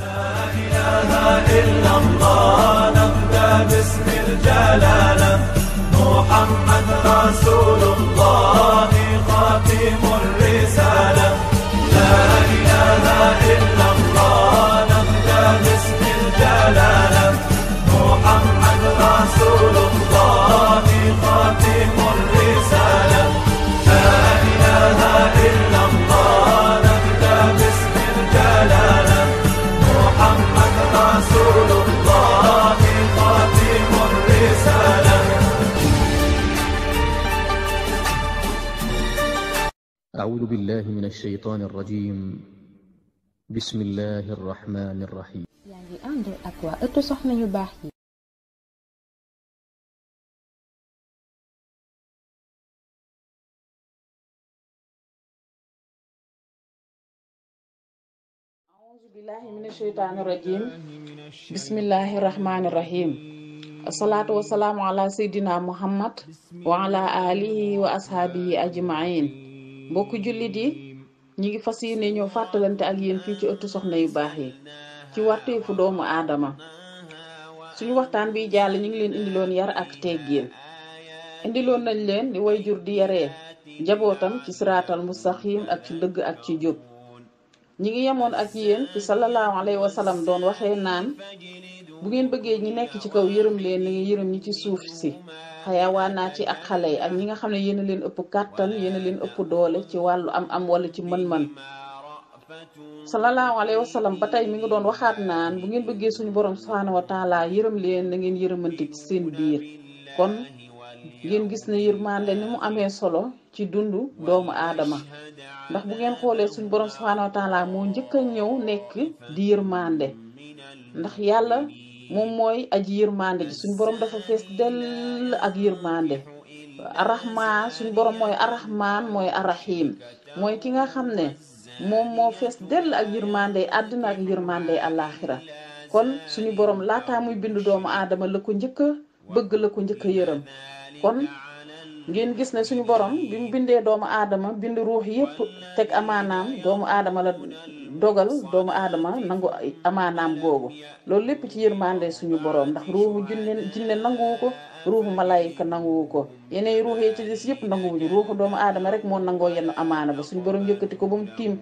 لا إله إلا الله نبدأ باسم الجلالة محمد رسول الله الشيطان الرجيم بسم الله الرحمن الرحيم يعني أندر اكوا التصح من يباحي أعوذ بالله من الشيطان الرجيم بسم الله الرحمن الرحيم الصلاة والسلام على سيدنا محمد وعلى آله وأصحابه أجمعين بوكو جولي دي ñi ngi fas yéene ñëw fàttalante ak yéen fii ci ëttu soxna yu baax yi ci warteefu doomu aadama suñu waxtaan bi jàll ñu ngi leen indiloon yar ak teggin indiloon nañ leen di way jur di yare njabootam ci siraatal mustaxim ak ci dëgg ak ci jóg ñi ngi yemoon ak yéen ci sallallahu alayhi wa sallam doon waxee naan bu ngeen bëggee ñi nekk ci kaw yërëm leen ni ngi yërëm ñi ci suuf si xayawaanaat ci ak xale yi ak ñi nga xam ne yéen a leen ëpp kàttan yéen leen ëpp doole ci wàllu am-am wala ci man man sallallahu alayhi wa ba tey mu ngi doon waxaat naan bu ngeen bëggee suñu borom subhaanahu wa taala yërëm leen na ngeen yërëmante ci seen biir kon ngeen gis ne yërmande ni mu amee solo ci dund doomu aadama ndax bu ngeen xoolee suñu borom subhaanahu wa moo njëkk a ñëw nekk di yërmande ndax yàlla. moom mooy aji yërmande ji suñ borom dafa fees dell ak yërmande arahman suñ borom mooy arahman mooy arahim mooy ki nga xam ne moom moo fees dell ak yërmande àddina ak yërmande alaxira kon suñu borom laataa muy bindu doomu aadama la ko njëkk bëgg la ko njëkk a yërëm kon ngeen gis na suñu borom bi mu bindee doomu aadama bind ruux yëpp teg amaanaam doomu adama la dogal doomu aadama nangu amaanaam googu loolu lépp ci yërmande suñu borom ndax ruuxu jinne jinne nanguwu ko ruuxu malaayika nanguwu ko yeneen ruux yi ci des yëpp nanguwuñu ruuxu doomu aadama rek moo nangoo yenn amaana ba suñu borom yëkkati ko ba mu tiim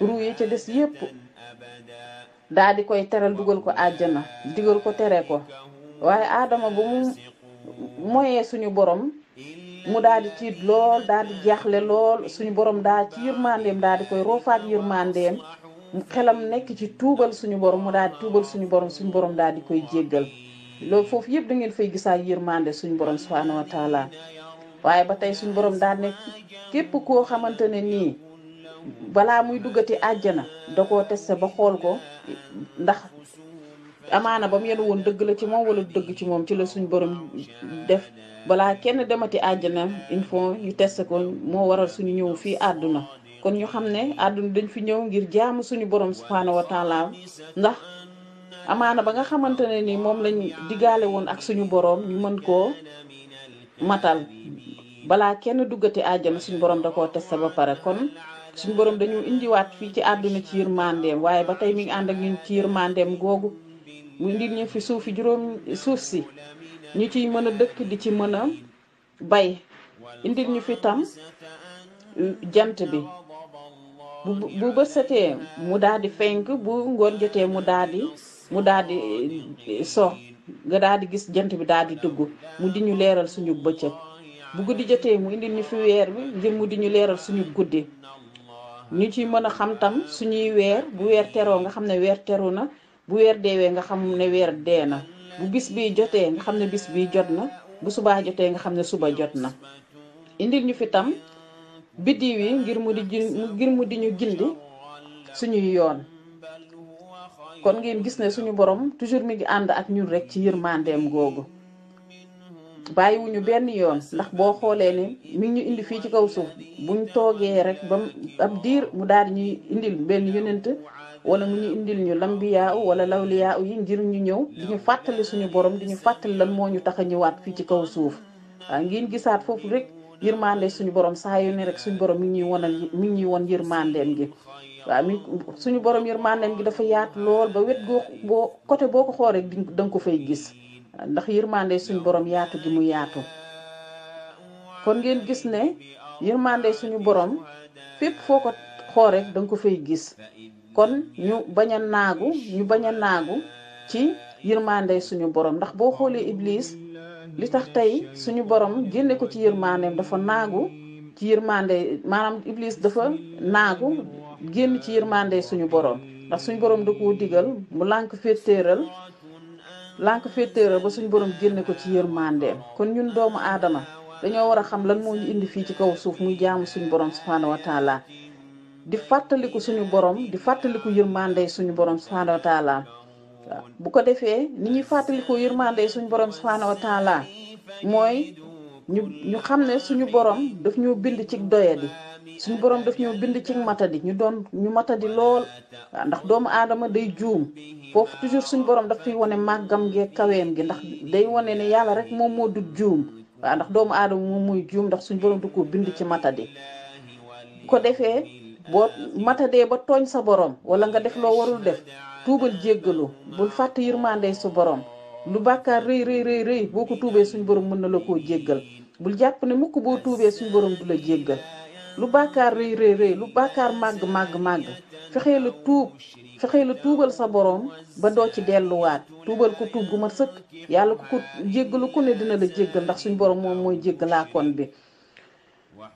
ruux yi des yëpp daal di koy teral dugal ko àjjana digal ko tere ko waaye aadama ba mu moyee suñu borom mu daal di tiit lool daal di jaaxle lool suñu borom daal ci yërmandeem daal di koy roofaat yërmandeem xelam nekk ci tuubal suñu borom mu daal di tuubal suñu borom suñu borom daal di koy jéggal loolu foofu yëpp da ngeen fay gisaa yërmande suñu borom subhaanahu wa taala waaye ba tey suñu borom daal nekk képp koo xamante ne nii balaa muy duggati àjjana da koo testé ba xool ko ndax amaana ba mu yenu woon dëgg la ci moom wala dëgg ci moom ci la suñ borom def balaa kenn demati àjjana il faut ñu teste moo waral suñu ñëw fii àdduna kon ñu xam ne àdduna dañ fi ñëw ngir jaamu suñu borom subhaanahu wa taala ndax amaana ba nga xamante ne ni moom lañ digaale woon ak suñu boroom ñu mën koo matal balaa kenn duggati àjjana suñu borom da koo teste ba pare kon suñu borom dañu indiwaat fii ci àdduna ci yërmandeem waaye ba tey mi ngi ànd ak ñun ci googu. mu indil ñu fi suufi juróom suuf si ñu ciy mën a dëkk di ci mën a bay indi ñu fi tam euh, jant bi bu bu mu daal di fenk bu ngoon jotee mu daal di mu daal di euh, so nga daal gis jant bi daal di dugg mu di ñu leeral suñu bëccëg bu guddi jotee mu indil ñu fi weer bi ngir mu di ñu leeral suñu guddi ñu ciy mën a xam tam suñuy weer bu weer teroo nga xam ne weer teru na bu weer deewee nga xam ne weer dee na bu bis bi jotee nga xam ne bis bi jot na bu subaa jotee nga xam ne suba jot na indil ñu fi tam biddiw yi ngir mu di ngir mu di ñu gindi suñuy yoon kon ngeen gis ne suñu borom toujours mi ngi ànd ak ñun rek ci yërmandeem googu bàyyiwuñu benn yoon ndax boo xoolee ne mi ngi ñu indi fii ci kaw suuf buñ toogee rek ba ab diir mu daal ñuy indil benn yonent wala mu ñu indil ñu lambiyaaw wala lawliyaaw yi ngir ñu ñëw di ñu fàttali suñu borom di ñu fàttali lan moo ñu tax a ñëwaat fii ci kaw suuf waaw ngeen gisaat foofu rek yërmande suñu borom saa yu rek suñu borom mi ñuy wonal mi ñuy won yërmandeem gi waaw mi suñu borom yërmandeem gi dafa yaatu lool ba wet goo boo côté boo ko xoo rek da ko fay gis ndax yërmande suñu borom yaatu gi mu yaatu kon ngeen gis ne yërmande suñu borom fépp foo ko xoo rek ko fay gis kon ñu bañ a naagu ñu bañ a naagu ci yërmande suñu borom ndax boo xoolee Iblis li tax tey suñu borom génne ko ci yërmandeem dafa naagu ci yërmande maanaam Iblis dafa naagu génn ci yërmande suñu borom ndax suñu borom da digal mu lànk féetéeral lànk féetéeral ba suñu borom génne ko ci yërmandeem kon ñun doomu aadama dañoo war a xam lan moo ñu indi fii ci kaw suuf muy jàmm suñu borom subhaanahu wa di fàttaliku suñu borom di fàttaliku yërmande suñu borom subhaana wa bu ko defee ni ñuy fàttaliku yërmande suñu borom subhaana wa mooy ñu xam ne suñu borom daf ñu bind ci doyadi suñu borom daf ñu bind ci matadi ñu doon ñu matadi lool ndax doomu aadama day juum foofu toujours suñu borom daf fiy wane màggam gee kaweem gi ndax day wane ne yàlla rek moom moo du juum waaw ndax doomu aadama moom mooy juum ndax suñu borom du ko bind ci matadi ko defee. boo matadee ba tooñ sa borom wala nga def loo warul def tuubal jéggalu bul fàtt yërmande su borom lu bàkkaar rëy rëy rëy boo ko tuubee suñ borom mën na la koo jéggal bul jàpp ne mukk boo tuubee suñ borom du la jéggal lu bàkkaar rëy lu bàkkaar màgg màgg màgg fexee la tuub fexee la tuubal sa borom ba doo ci delluwaat tuubal ko tuub gu mat sëkk yàlla ko ko jéggalu ko ne dina la jéggal ndax suñ borom moom mooy jéggalaakoon bi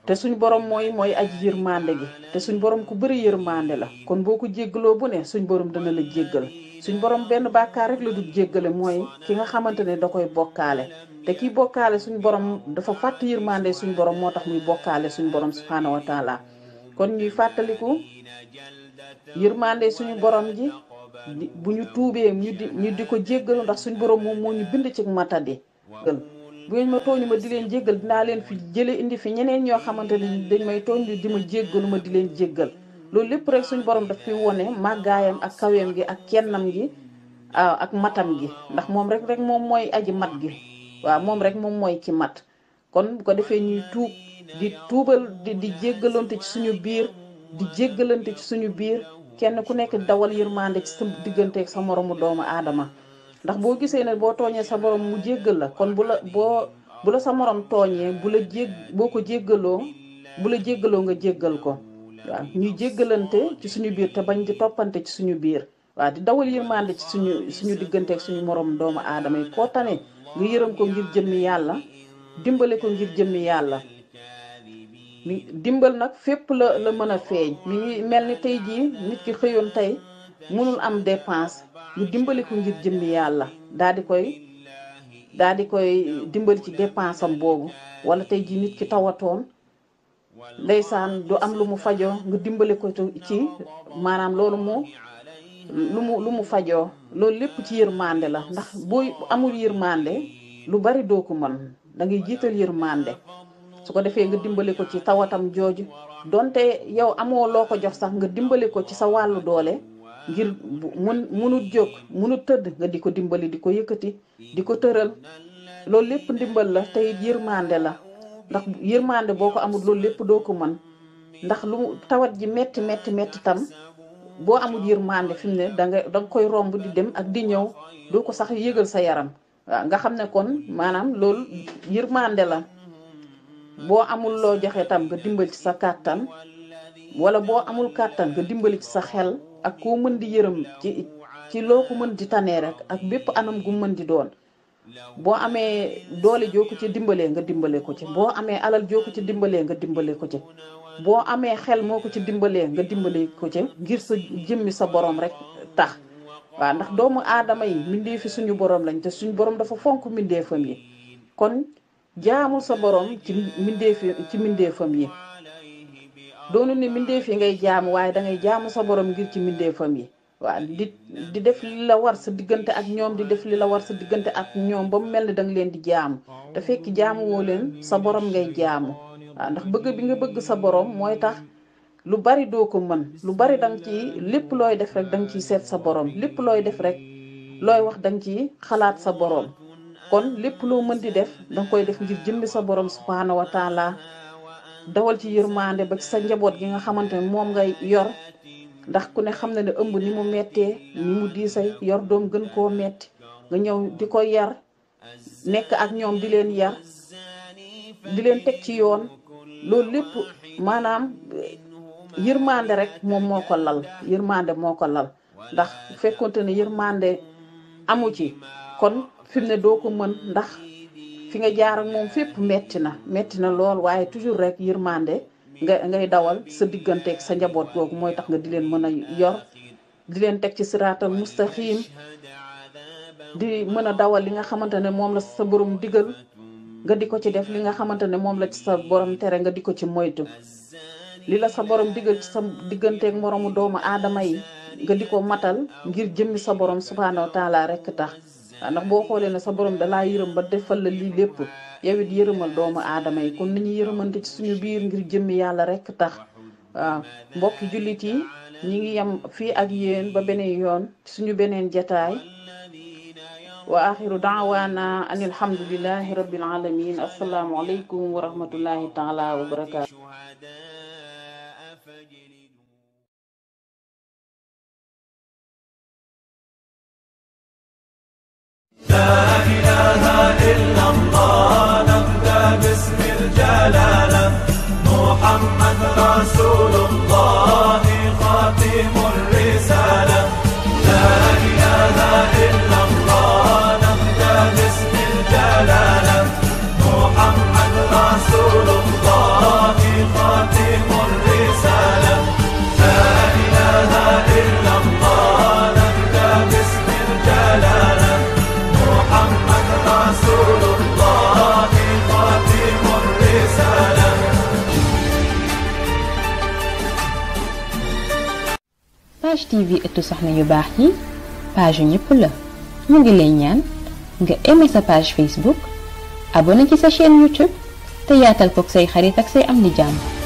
te suñ borom mooy mooy aji yërmande gi te suñ borom ku bëri yërmande la kon boo ko jéggaloo bu ne suñ borom dana la jéggal suñ borom benn bàkkaar rek la du jéggale mooy ki nga xamante ne da koy bokkaale te kiy bokkaale suñ borom dafa fàtt yërmande suñ borom moo tax muy bokkaale suñ borom subhaanahu wa taala kon ñuy fàttaliku yërmande suñu borom ji bu ñu tuubee ñu di di ko jéggalu ndax suñ borom moom moo ñu bind ci matadi bu ngeen ma tooñu ma di leen jéggal dinaa leen fi jële indi fi ñeneen ñoo xamante ne dañ may tooñ di ma jéggaluma di leen jéggal loolu lépp rek suñ borom daf fi wone màggaayam ak kaweem gi ak kennam gi ak matam gi ndax moom rek rek moom mooy aji mat gi waaw moom rek moom mooy ki mat kon bu ko defee ñuy tuub di tuubal di di jéggalante ci suñu biir di jéggalante ci suñu biir kenn ku nekk dawal yërmande ci sa digganteeg sa moromu doomu aadama ndax boo gisee ne boo tooñee sa borom mu jéggal la kon bu la boo bu la sa morom tooñee bu la jég boo ko jéggaloo bu la jéggaloo nga jéggal ko waaw ñu jéggalante ci suñu biir te bañ di toppante ci suñu biir waaw di dawal yërmande ci suñu suñu diggante ak suñu morom doomu aadama yi koo tane nga yërëm ko ngir jëmmi yàlla dimbale ko ngir jëmmi yàlla dimbal nag fépp la la mën a feeñ mi ngi mel ni tey jii nit ki xëyoon tey munul am dépense ñu dimbali ko ngir jëmmi yàlla daal di koy daal di koy dimbali ci dépense boobu wala tey ji nit ki tawatoon ndeysaan du am lu mu fajo nga dimbali ko ci maanaam loolu mu lu mu lu mu fajoo loolu lépp ci yërmande la ndax booy amul yërmande lu bari doo ko mën da ngay jiital yërmande su ko defee nga dimbali ko ci tawatam jooju donte yow amoo loo ko jox sax nga dimbali ko ci sa wàllu doole ngir mënut munut jóg munut tëdd nga di ko dimbali di ko yëkkati di ko tëral loolu lépp ndimbal la te it yërmande la ndax yërmande boo ko amul loolu lépp doo ko mën ndax lu tawat ji metti metti metti tam boo amul yërmande fi mu ne da nga da koy romb di dem ak di ñëw doo ko sax yëgal sa yaram waaw nga xam ne kon maanaam loolu yërmande la boo amul loo joxe tam nga dimbali ci sa kàttan wala boo amul kàttan nga dimbali ci sa xel ak koo mën di yërëm ci ci loo ko mën di tanee rek ak bépp anam gu mën di doon boo amee doole jooku ci dimbalee nga dimbale ko ci boo amee alal joo ci dimbalee nga dimbale ko ci boo amee xel moo ko ci dimbalee nga dimbale ko ci ngir sa jëmmi sa boroom rek tax waaw ndax doomu aadama yi fi suñu borom lañ te suñu borom dafa fonk mbindeefam yi kon jaamul sa borom ci mbindeefi ci mbindeefam yi doonu ni mbindeef yi ngay jaamu waaye dangay jaamu sa borom ngir ci mbindeefam yi di di def li la war sa diggante ak ñoom di def li la war sa diggante ak ñoom ba mu mel ne danga leen di jaamu te fekk jaamu woo leen sa borom ngay jaamu waaw ndax bëgg bi nga bëgg sa borom mooy tax lu bari doo ko mën lu bari danga ci lépp looy def rek ciy seet sa borom lépp looy def rek looy wax ciy xalaat sa borom kon lépp loo mën di def danga koy def ngir jëmmi sa borom wa taala dawal ci yërmande ba ci sa njaboot gi nga xamante ne moom ngay yor ndax ku ne xam na ne ëmb ni mu mettee ni mu diisay yor doom gën koo metti nga ñëw di ko yar nekk ak ñoom di leen yar di leen teg ci yoon loolu lépp maanaam yërmande rek moom moo ko lal yërmande moo ko lal ndax fekkonte ne yërmande amu ci kon fi ne doo ko mën ndax fi nga jaar ak moom fépp metti na metti na lool waaye toujours rek yërmande nga ngay dawal sa digganteeg sa njaboot googu mooy tax nga di leen mën a yor di leen teg ci siraatal mustaxim di mën a dawal li nga xamante ne moom la sa borom digal nga di ko ci def li nga xamante ne moom la ci sa borom tere nga di ko ci moytu li la sa borom digal ci sa digganteeg moromu doomu aadama yi nga di ko matal ngir jëmmi sa borom subhanahu wa taala rek tax Ah, ndax boo xoolee ne sa borom dalaa yërëm ba defal la lii lépp yow it yërëmal doomu aadama yi kon nañu yërëmante ci suñu biir ngir jëmmi yàlla rek tax waaw ah, mbokki jullit yi ñi ngi yem fii ak yéen ba beneen yoon suñu beneen jataay wa axiru daawaana an alhamdulilahi rabbil alamin assalaamu aleykum wa rahmatullahi wa barakaatu لا إله إلا الله باسم محمد رسول الله خاتم الرسالة TV ëttu soxna yu baax yi page yu ñëpp la mu ngi lay ñaan nga aimé sa page Facebook abonné ci sa chaîne YouTube te yaatal koog say xarit ak say am di jàmm.